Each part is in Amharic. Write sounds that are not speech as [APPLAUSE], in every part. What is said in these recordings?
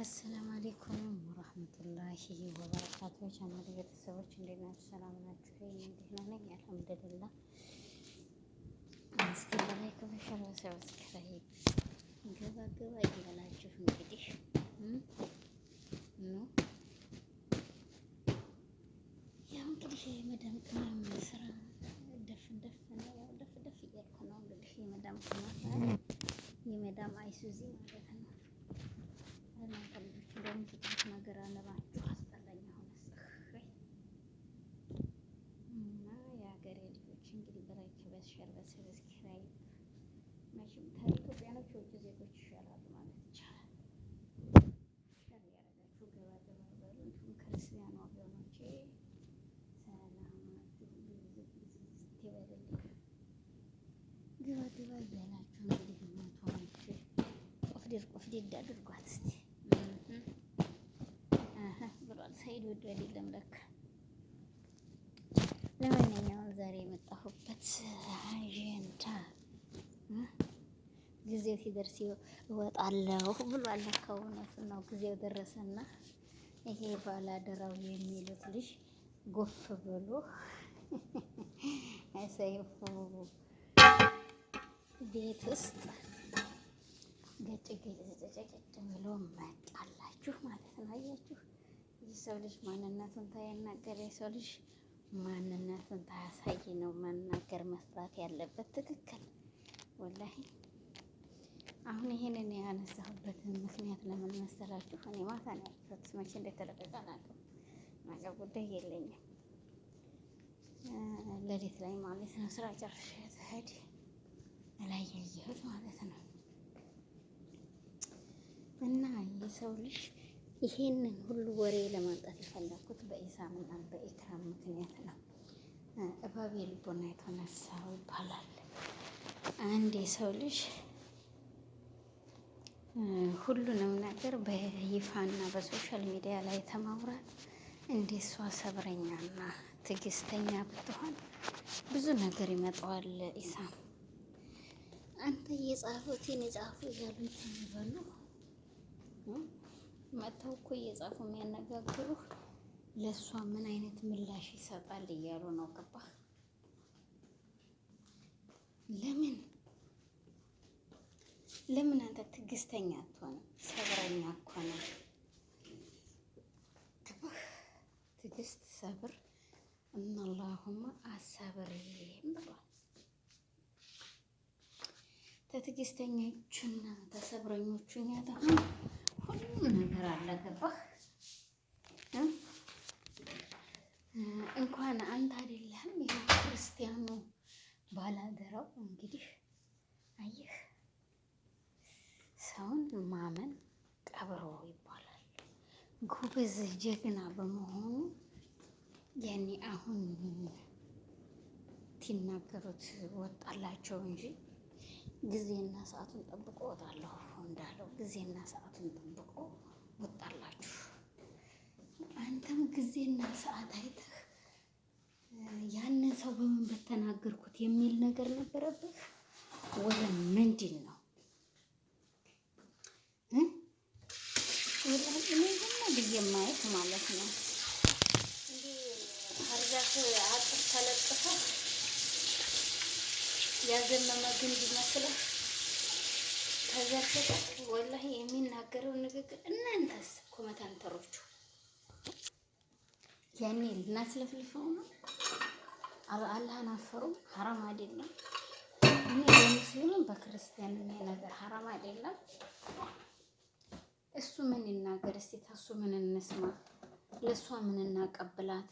አሰላም አሌይኩም ወራህመቱላሂ ወበረካቱ። ቻናል ቤተሰቦች እንዴት ናችሁ? ሰላም ናችሁ? ደህና ነኝ አልሐምዱሊላህ። እስቲ ላይክ በሸር ሰብስክራይብ ገባ ገባ እያላችሁ እንግዲህ ያው እንግዲህ የመዳም ቅመም ስራ ደፍ ደፍ ነው። ደፍ ደፍ እያልኩ ነው እንግዲህ የመዳም ቅመም የመዳም አይሱዚ ማለት ነው አለባችሁ አስጠላኝ። አሁንስ እና የሀገሬ ልጆች እንግዲህ በላይክ በሸር በሰብስክራይብ መቼም ከኢትዮጵያኖች የውጭ ዜጎች ይሻላሉ ማለት ይቻላል። ሸር ያደረጋችሁ ገባ ገባ በሉ። እንዲሁም ክርስቲያኑ ወገኖቼ ሰላማችሁ ይበልልኝ። ገባ ገባ እያላችሁ እንግዲህ ሞቷ ቆፍዴር ቆፍዴር አድርጓት እስኪ ሰኢድ ወዶ አይደለም ለካ። ለማንኛውም ዛሬ የመጣሁበት አጀንዳ ጊዜው ሲደርስ እወጣለሁ ብሏል። ለካ እውነት ነው። ጊዜው ደረሰና ይሄ ባላደራው የሚሉት ልጅ ጎፍ ብሎ [LAUGHS] ሰይፉ ቤት ውስጥ ገጭ ገጭ ብሎ መጣላችሁ ማለት ነው። አያችሁ። የሰው ልጅ ማንነቱን ታያናገር የሰው ልጅ ማንነቱን ታያሳይ ነው መናገር መስራት ያለበት ትክክል። ወላሂ አሁን ይሄንን ያነሳሁበትን ምክንያት ለምን መሰላችሁ? እኔ ማታ ነው ያልኩት፣ መቼ እንደተለቀቀ አላውቅም። ማታ ጉዳይ የለኝም ሌሊት ላይ ማለት ነው። ስራ ጨርሼ ስሄድ ላይ ያየሁት ማለት ነው እና የሰው ልጅ ይሄንን ሁሉ ወሬ ለማምጣት የፈለኩት በኢሳምና በኢክራም ምክንያት ነው። እባብ የልቦና የተነሳው ይባላል። አንድ የሰው ልጅ ሁሉንም ነገር በይፋና በሶሻል ሚዲያ ላይ ተማውራት እንደ እሷ ሰብረኛና ትዕግስተኛ ብትሆን ብዙ ነገር ይመጣዋል። ኢሳም አንተ የጻፉትን የጻፉ ያሉትን ይበሉ መጥተው እኮ እየጻፉ የሚያነጋግሩህ ለእሷ ምን አይነት ምላሽ ይሰጣል እያሉ ነው። ገባህ? ለምን ለምን አንተ ትዕግስተኛ አትሆንም? ሰብረኛ እኮ ነው። ገባህ? ትዕግስት፣ ሰብር እናላሁማ አሳብሬም ብሏል። ተትዕግስተኞቹና ተሰብረኞቹ እኛ ነገር አለ። ገባህ? እንኳን አንተ አይደለህም ይሄ ክርስቲያኑ ባላደራው። እንግዲህ አየህ፣ ሰውን ማመን ቀብሮ ይባላል። ጎበዝ ጀግና በመሆኑ ያኔ አሁን ትናገሩት ወጣላቸው እንጂ ጊዜና ሰዓቱን ጠብቆ እወጣለሁ እንዳለው ጊዜና ሰዓቱን ጠብቆ ወጣላችሁ። አንተም ጊዜና ሰዓት አይተህ ያንን ሰው በምን በተናገርኩት የሚል ነገር ነበረብህ ወደ ምንድን ነው? ሁላ ብዬ ማየት ማለት ነው እንዲህ አርጋት አጥር ተለጥፈው ያዘመመ ግንድ ይመስላል። ከዛ በፊት ወላሂ የሚናገረው ንግግር እናንተስ ኮመታንተሮቹ ያኔ ልናስለፍልፈው ነው። አላህን አፈሩ ሀራም አይደለም። እኔ በሙስሊምም በክርስቲያን ይሄ ነገር ሀራም አይደለም። እሱ ምን ይናገር እስቲ፣ ከሱ ምን እንስማ፣ ለእሷ ምን እናቀብላት?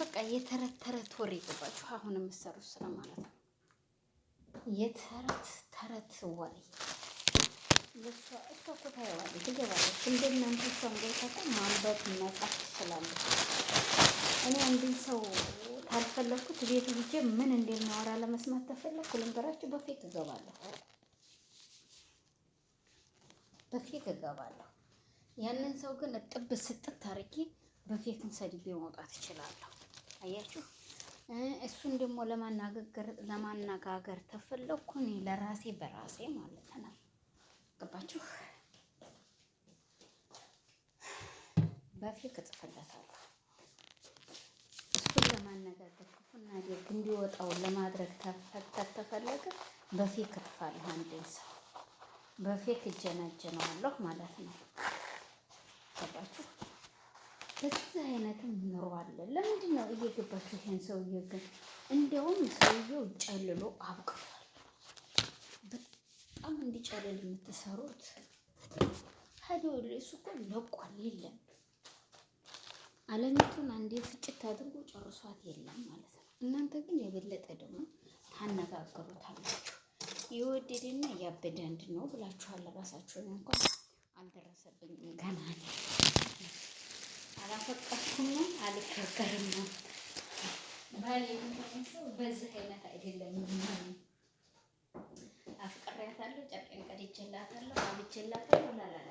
በቃ የተረት ተረት ወሬ የገባችሁ አሁን የምትሰሩት ስራ ማለት ነው። የተረት ተረት ወሬ እሷ እኮ ታየዋለች፣ ትገባለች። እንደናንተ እሷን ገብታ ማንበብ መጻፍ ትችላለች። እኔ አንድን ሰው ካልፈለግኩት ቤቱ ሂጄ ምን እንደሚያወራ ለመስማት ተፈለግኩ ልንገራችሁ፣ በፌክ እገባለሁ፣ በፌክ እገባለሁ። ያንን ሰው ግን እጥብ ስጥት አድርጌ በፌክ ሰድቤ መውጣት እችላለሁ። አያችሁ። እሱን ደግሞ ለማናገር ለማነጋገር ተፈለኩኝ ለራሴ በራሴ ማለት ነው። ገባችሁ? በፊት እጽፍለታለሁ። እሱን ለማነጋገር ክፉና ደግ እንዲወጣው ለማድረግ ተፈለገ። በፊት እጥፋለሁ፣ አንድን ሰው በፊት እጀናጀነዋለሁ ማለት ነው። ገባችሁ? በዚህ አይነትም ኑሮ አለ። ለምንድን ነው እየገባችሁ ይሄን ሰውዬ ግን እንደውም ሰውዬው ጨልሎ አብቅቷል። በጣም እንዲጨልል የምትሰሩት ሀዲዮ እሱ እኮ ለቋል። የለም አለሚቱን አንዴ ፍጭት አድርጎ ጨርሷት የለም ማለት ነው። እናንተ ግን የበለጠ ደግሞ ታነጋግሩታላችሁ። የወደደና ያበደ አንድ ነው ብላችኋል። ራሳችሁን እንኳን አልደረሰብኝም ገና አላፈቀርኩም ነው አልፈቀርም ነው ሰው በዚህ አይነት አይደለም። አፍቅሬያታለሁ፣ ጨርቄን ቀድቼላታለሁ፣ አልቼላታለሁ ላላላ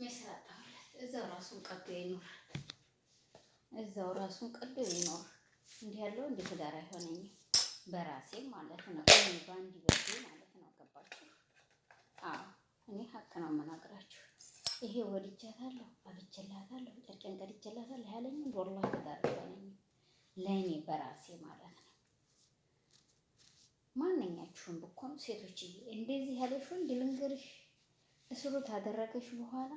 ሚስራጣሁለት እዛው ራሱን ቀዶ ይኖር እዛው ራሱን ቀዶ ይኖር። እንዲህ ያለው እንዲህ ትዳር አይሆነኝም በራሴ ማለት ነው፣ በአንድ በሴ ማለት ነው። ገባችሁ? አዎ እኔ ሀቅ ነው የምናግራችሁ። ይሄ ወድጃታለሁ፣ አብጅላታለሁ፣ ጨርቄን ቀድጄላታለሁ ያለኝን ወላሂ ተጋርጃ ነኝ ለእኔ በራሴ ማለት ነው። ማንኛችሁም ብኮኑ ሴቶች እንደዚህ ያለሽ ወንድ ልንገርሽ፣ እስሩ ታደረገሽ በኋላ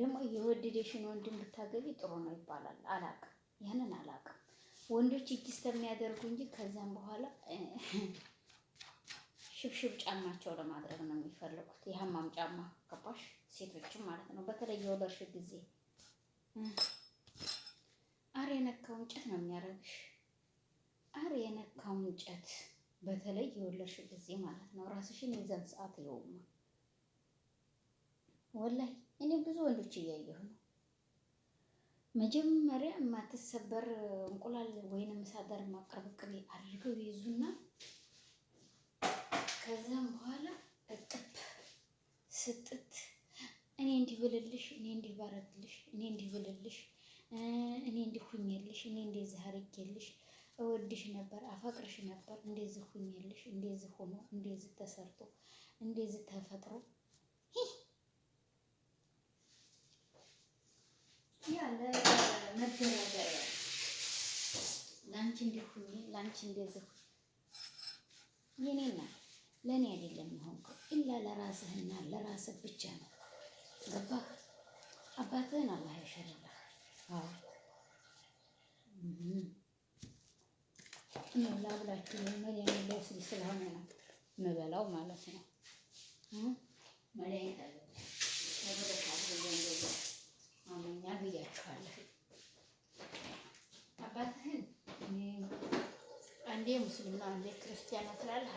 ደግሞ የወደደሽን ወንድም ብታገቢ ጥሩ ነው ይባላል። አላቅም፣ ያንን አላቅም። ወንዶች እጅ እስከሚያደርጉ እንጂ ከዛም በኋላ ሽብሽብ ጫማቸው ለማድረግ ነው የሚፈልጉት። የሀማም ጫማ ገባሽ? ሴቶችም ማለት ነው። በተለይ የወለድሽ ጊዜ አር የነካው እንጨት ነው የሚያደርግሽ። አር የነካው እንጨት በተለይ የወለርሽ ጊዜ ማለት ነው። ራስሽን የዛን ሰዓት ይውማ። ወላይ እኔ ብዙ ወንዶች እያየሁ ነው። መጀመሪያ የማትሰበር እንቁላል ወይንም ሳደር ማቅረብቅቤ አድርገው ይይዙና ከዛም በኋላ እጥብ ስጥት እኔ እንዲህ ብልልሽ፣ እኔ እንዲህ ባረግልሽ፣ እኔ እንዲህ ብልልሽ፣ እኔ እንዲህ ሁኝልሽ፣ እኔ እንደዚህ አርጌልሽ፣ እወድሽ ነበር፣ አፈቅርሽ ነበር፣ እንደዚህ ሁኝልሽ፣ እንደዚህ ሆኖ፣ እንደዚህ ተሰርቶ፣ እንደዚህ ተፈጥሮ ያለ መደረገሪያ ላንቺ እንዲህ ሁኝ፣ እንደዚህ የኔ ለእኔ አይደለም የሆንኩ ኢላ ለራስህና ለራስህ ብቻ ነው። ገባህ? አባትህን አላህ ያሸርልህ። አዎ ላብላችሁ ምን ስል ስለሆነ ነው የምበላው ማለት ነው። አሞኛ ብያችኋለሁ። አባትህን አንዴ ሙስሊም አንዴ ክርስቲያን ነው ትላለህ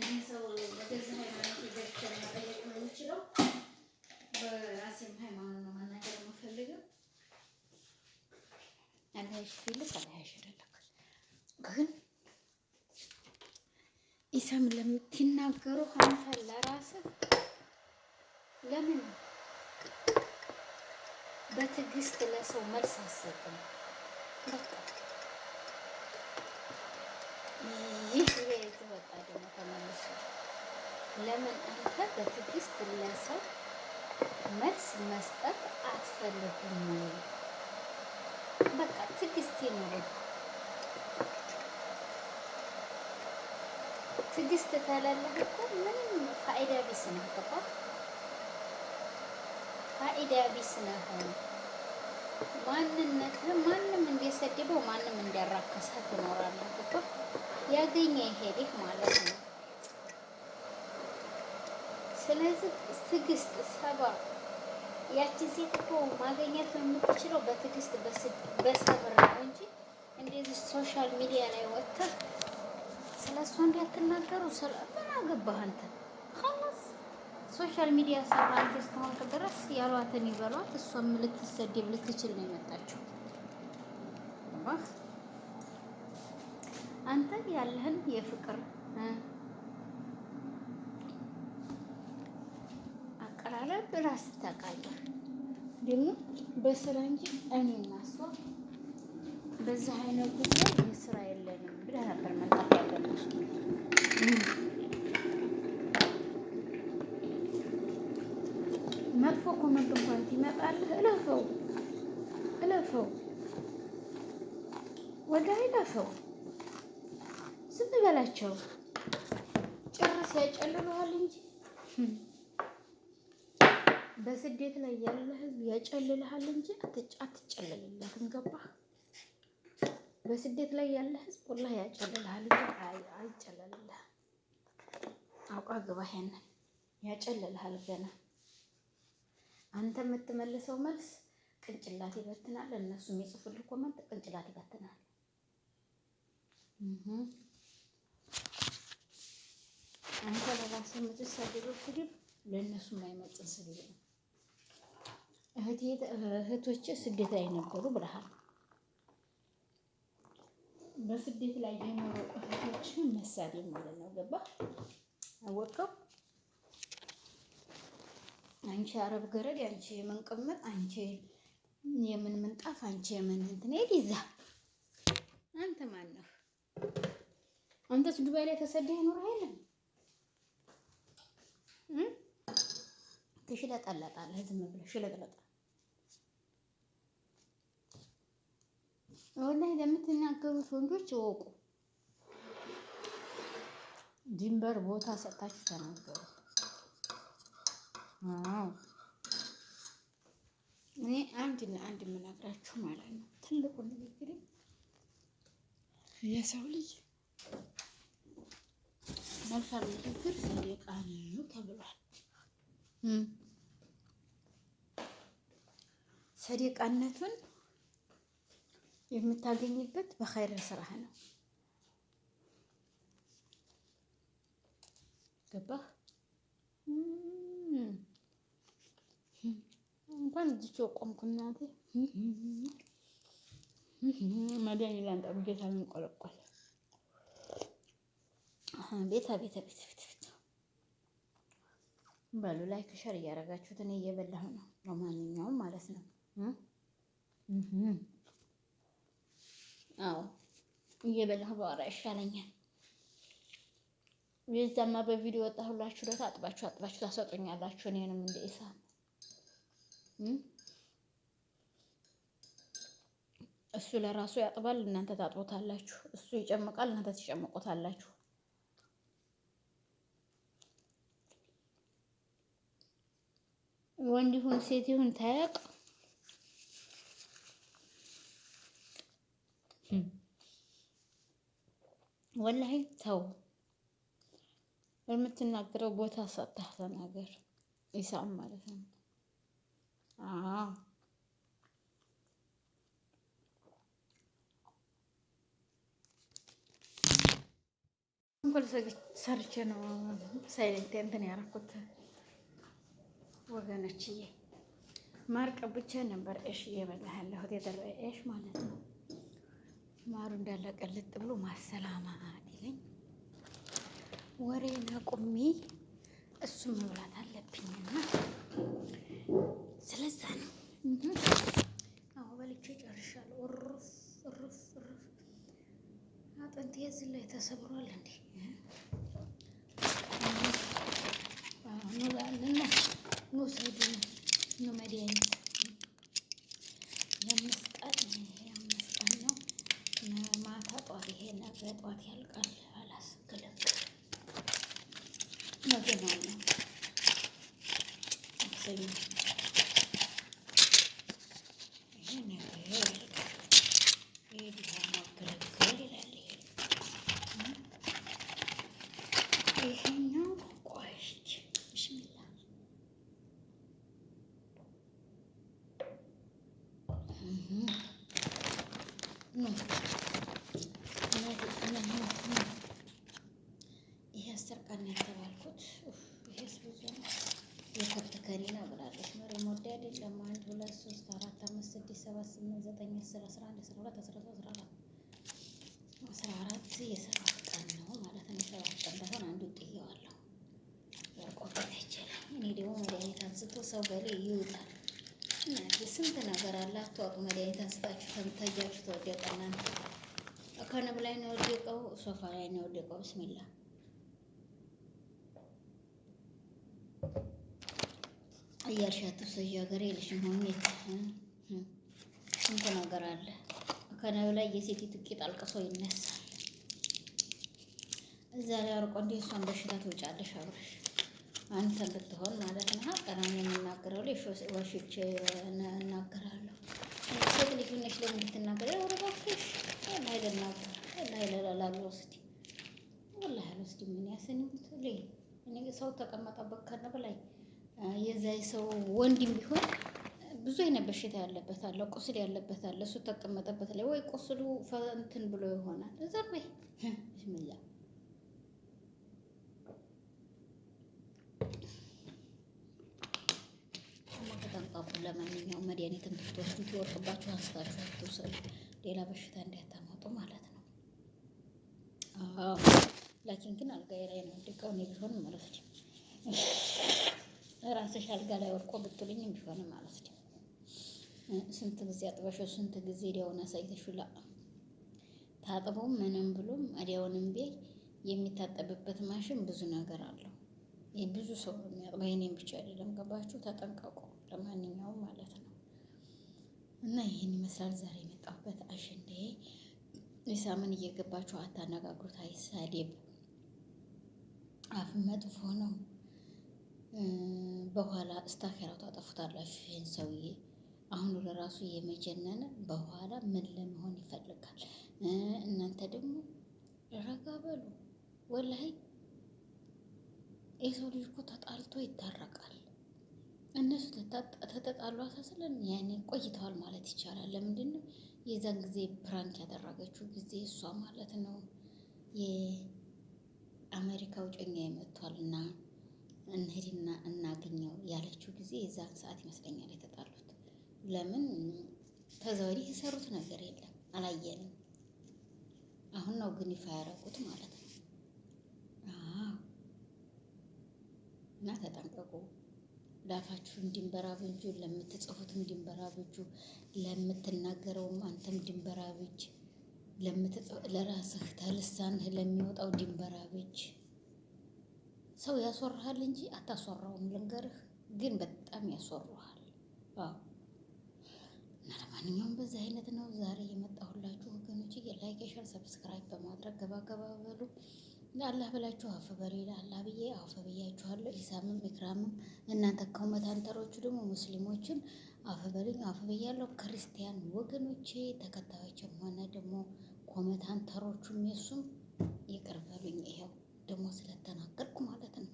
ይህን ሰው በገዛ ሃይማኖት ይዘቸው መጠየቅ ነው በራሴም ሃይማኖት ነው መናገር የምፈልገው። አላያሽ ፊልስ አላያሽ አይደለም ግን ኢሳም ለምትናገሩ አንተ ለራስህ ለምን በትዕግስት ለሰው መልስ አሰጥም? ይህ እንደዚህ ደግሞ ተመልሶ ለምን አንተ በትዕግስት ለሰው መልስ መስጠት አትፈልጉም በቃ ትዕግስት ይኑር። ትዕግስት እኮ ምንም ፋይዳ ቢስ ፋይዳ ቢስ ማንነትህ ማንም እንዲሰድበው ማንም እንዲያራከሰህ ትኖራለህ። ያገኘ ይሄድህ ማለት ነው። ስለዚህ ትዕግስት ሰባ ያቺ ሴት እኮ ማገኘት የምትችለው በትዕግስት በሰብር ነው እንጂ እንደዚህ ሶሻል ሚዲያ ላይ ወጥተህ ስለ እሷ እንዳትናገሩ። ስለ ምን አገባህ አንተ? ሶሻል ሚዲያ ሰራን እስከሆንክ ድረስ ያሏትን ይበሏት። እሷም ልትሰደብ ልትችል ነው የመጣችው። አንተ ያለህን የፍቅር አቀራረብ ራስ ታውቃለህ። ደግሞ በስራ እንጂ እኔ እና እሷ በዚህ አይነት ጉዳይ የስራ የለንም ብለህ ነበር መጣት ያለብህ። መጥፎ ኮመንት እንኳን ይመጣልህ። እለፈው እለፈው ወደ አይለፈው በላቸው። ጭርስ ያጨልመዋል እንጂ በስደት ላይ ያለ ህዝብ ያጨልልሃል እንጂ አትጨልልለትም። ገባህ? በስደት ላይ ያለ ህዝብ ወላሂ ያጨልልሃል እንጂ አይጨልልልህ። አውቃ ግባ። ያንን ያጨልልሃል ገና አንተ የምትመልሰው መልስ ቅንጭላት ይበትናል። እነሱ የሚጽፉልህ ኮመንት ቅንጭላት ይበትናል። አንተ ለራስህ የምትሰድበው ስድብ ለእነሱ የማይመጥን ስድብ ነው። እህቶች ስደት ላይ ነበሩ ብለሃል። በስደት ላይ የኖሩ እህቶች መሳደብ ማለት ነው። ገባ አወቀው አንቺ አረብ ገረድ፣ አንቺ የምን ቅምጥ፣ አንቺ የምን ምንጣፍ፣ አንቺ የምን እንትን ሄድ ይዛ አንተ ማነህ? አንተስ ዱባይ ላይ ተሰደህ ኖር አይደለም ትሽለጠለጣለህ ዝም ብለህ ሽለጥለጣ ወላሂ ለምትናገሩት ወንዶች እወቁ። ድንበር ቦታ ሰጥታችሁ ተናገሩ። እኔ አንድ ለአንድ የምነግራችሁ ማለት ነው። ትልቁ ንግግሬ የሰው ልጅ መልካም ንግግር ሰደቃ ነው ተብሏል። ሰደቃነቱን የምታገኝበት በኸይር ስራህ ነው። ገባህ? እንኳን እጅቼ ቆምኩ። እናቴ መዳን ይላል ጠብጌታ ልንቆለቆል ቤት አቤት ቤት ቤት በሉ ላይክ ሸር እያደረጋችሁት እኔ እየበላሁ ነው። በማንኛውም ማለት ነው። አዎ እየበላሁ በኋላ ይሻለኛል። የዛማ በቪዲዮ ወጣሁላችሁ ለት አጥባችሁ አጥባችሁ ታሰጡኛላችሁ። እኔንም እንደ ኢሳ እሱ ለራሱ ያጥባል፣ እናንተ ታጥቦታላችሁ። እሱ ይጨምቃል፣ እናንተ ትጨምቆታላችሁ። ወንድ ይሁን ሴት ይሁን ታያቅ ወላሂ ተው። የምትናገረው ቦታ ሰጥተህ ተናገር። ኢሳም ማለት ነው። ሰርቼ ነው ሳይለንት እንትን ያደረኩት። ወገኖችዬ ማር ብቻ ነበር። እሽ እየበላ ያለሁት የደረቀ እሽ ማለት ነው። ማሩ እንዳለቀልጥ ብሎ ማሰላማ ይለኝ ወሬን አቁሜ እሱ መብላት አለብኝና ስለዛ ነው አሁ በልቼ ጨርሻለሁ። ርፍ ርፍ ርፍ አጥንቴ እዚህ ላይ ተሰብሯል እንዴ? 14 14 የሰባት ቀን ነው ማለት ነው። ሰባት ቀን ባይሆን አንዱ ጥየዋለሁ አይችልም። እኔ ደግሞ መድኃኒት አንስቶ ሰው ገሌ ይውጣል። ስንት ነገር አለ አትዋጡ። መድኃኒት አንስታችሁ ተወደቀ። እናንተ ላይ ነው የወደቀው፣ ሶፋ ላይ ነው የወደቀው። ብስሚላ የለሽም ሆኜ ስንት ነገር አለ ከነብ ላይ የሴቲቱ ቂጥ አልቅሶ ይነሳል። እዛ ላይ አርቆ እንዴ እሷን በሽታ ትውጫለሽ አብረሽ አንተ ብትሆን ማለት ነው። ቀናን የምናገረው ላይ ወሽቼ እናገራለሁ። ሴት ልጅ ነሽ ለምን እንድትናገር ያውረባክሽ ላይ ልናገር ላይ ለላላሉ ወስድ ወላ ያልወስድ ምን ያሰኝት ላይ እኔ ሰው ተቀመጠበት ከነብ ላይ የዛይ ሰው ወንድም ቢሆን ብዙ አይነት በሽታ ያለበት አለ፣ ቁስል ያለበት አለ። እሱ ተቀመጠበት ላይ ወይ ቁስሉ ፈንትን ብሎ ይሆናል። እዛ ላይ ብስሚላ ተንቃቁ። ለማንኛውም መድኃኒትም ትወስዱ ትወርቅባችሁ አንስታችሁ አትውሰዱ፣ ሌላ በሽታ እንዳታመጡ ማለት ነው። ላኪን ግን አልጋዬ ላይ ነው ድቀው ኔ ቢሆን ማለት ነው ራስሽ አልጋ ላይ ወርቆ ብትሉኝ ቢሆን ማለት ነው። ስንት ጊዜ አጥበሽው ስንት ጊዜ ዲያውን አሳይተሽ ታጥቦም ምንም ብሎም እዲያውንም ቤ የሚታጠብበት ማሽን ብዙ ነገር አለው። ብዙ ሰው ነው የሚያጥበው፣ ብቻ አይደለም። ገባችሁ? ተጠንቀቁ። ለማንኛውም ማለት ነው እና ይህን ይመስላል ዛሬ የመጣሁበት አሸንዳዬ። ኢሳምን እየገባችሁ አታነጋግሩት። አይሳደብ፣ አፍ መጥፎ ነው። በኋላ እስታከራው ታጠፉታላችሁ ይህን ሰውዬ አሁኑ ለራሱ የመጀነነ በኋላ ምን ለመሆን ይፈልጋል? እናንተ ደግሞ ረጋ በሉ። ወላሂ የሰው ልጅ እኮ ተጣልቶ ይታረቃል። እነሱ ተተጣሉ አሳስለን ያኔ ቆይተዋል ማለት ይቻላል። ለምንድን ነው የዛን ጊዜ ፕራንክ ያደረገችው ጊዜ እሷ ማለት ነው የአሜሪካው ጮኛ የመጥቷልና እንሂድና እናገኘው ያለችው ጊዜ የዛን ሰዓት ይመስለኛል የተጣሉ ለምን ከዛ ወዲህ የሰሩት ነገር የለም አላየንም። አሁን ነው ግን ይፋ ያደረጉት ማለት ነው። እና ተጠንቀቁ። ላፋችሁን ድንበራ ብጁ፣ ለምትጽፉትም ድንበር ብጁ፣ ለምትናገረውም አንተም ድንበር አብጅ፣ ለራስህ ተልሳንህ ለሚወጣው ድንበር ብጅ። ሰው ያስወራሃል እንጂ አታስወራውም። ልንገርህ ግን በጣም ያስወርሃል። ለማንኛውም በዚህ አይነት ነው ዛሬ የመጣሁላችሁ ወገኖች፣ ላይክ፣ ሼር፣ ሰብስክራይብ በማድረግ ገባገባ በሉ። ለአላህ ብላችሁ አፍ በሌላ ለአላህ ብዬ አፍ ብያችኋለሁ። ኢሳምም ኢክራምም እናንተ ከውመታንተሮቹ ደግሞ ሙስሊሞችን አፍ በሉኝ አፍ ብያለሁ። ክርስቲያን ወገኖቼ ተከታዮችም ሆነ ደግሞ ኮመታንተሮቹም የሱም ይቅር በሉኝ። ይኸው ደግሞ ስለተናገርኩ ማለት ነው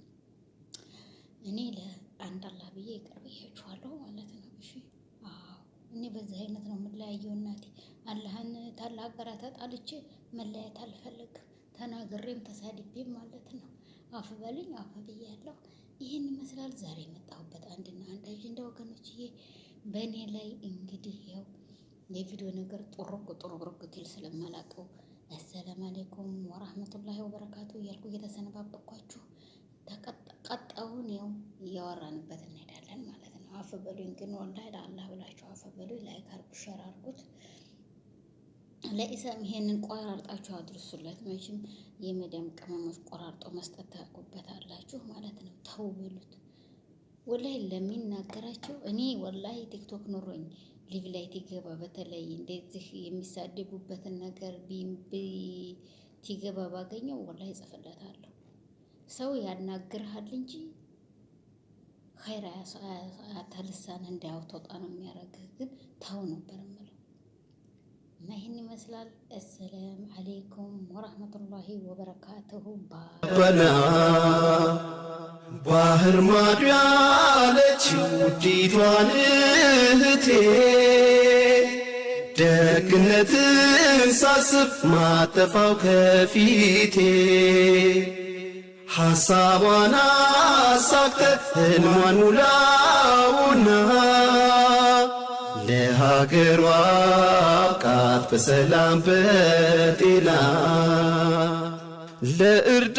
እኔ ለአንድ አላህ ብዬ ይቅር ብያችኋለሁ ማለት ነው። እሺ እኔ በዚህ አይነት ነው የምለያየው። እናቴ አላህን ታላቅ ተጣልቼ መለያየት አልፈልግም። ተናግሬም ተሳድቤም ማለት ነው። አፍ በልኝ አፍ ብያለሁ። ይህን ይመስላል ዛሬ የመጣሁበት አንድና አንድ አጀንዳ ወገኖችዬ። በእኔ ላይ እንግዲህ ያው የቪዲዮ ነገር ጦርቅ ጦርቅ ትል ስለማላውቀው አሰላም አሌይኩም ወራህመቱላሂ ወበረካቱ እያልኩ እየተሰነባበኳችሁ ተቀጣውን ያው እያወራንበት ነው አፍ ግን ወላሂ ለአላህ ብላችሁ አፍ ላይክ አርጉ፣ ሸር አርጉት። ለኢሳም ይሄንን ቆራርጣችሁ አድርሱለት። መቼም የመዳም ቅመሞች ቆራርጦ መስጠት አላችሁ ማለት ነው። ተው በሉት። ወላይ ለሚናገራቸው እኔ ወላይ ቲክቶክ ኖሮኝ ሊቭ ላይ ቲገባ በተለይ እንደዚህ የሚሳደቡበትን ነገር ቲገባ ባገኘው ወላይ ጽፍለታለሁ። ሰው ያናግርሃል እንጂ ኸይር አተልሳን እንዳያውተወጣ ነው የሚያደርግህ። ግን ታው ነበር የምለው እና ይህን ይመስላል። አሰላም አሌይኩም ወረህመቱላሂ ወበረካቱሁ። ባና ባህር ማዳለች ያለች ውዲቷን እህቴ ደግነትን ሳስብ ማጠፋው ከፊቴ ሐሳቧን አሳክተ ሙላውና ለሀገሯ አብቃት በሰላም በጤና ለእርዳ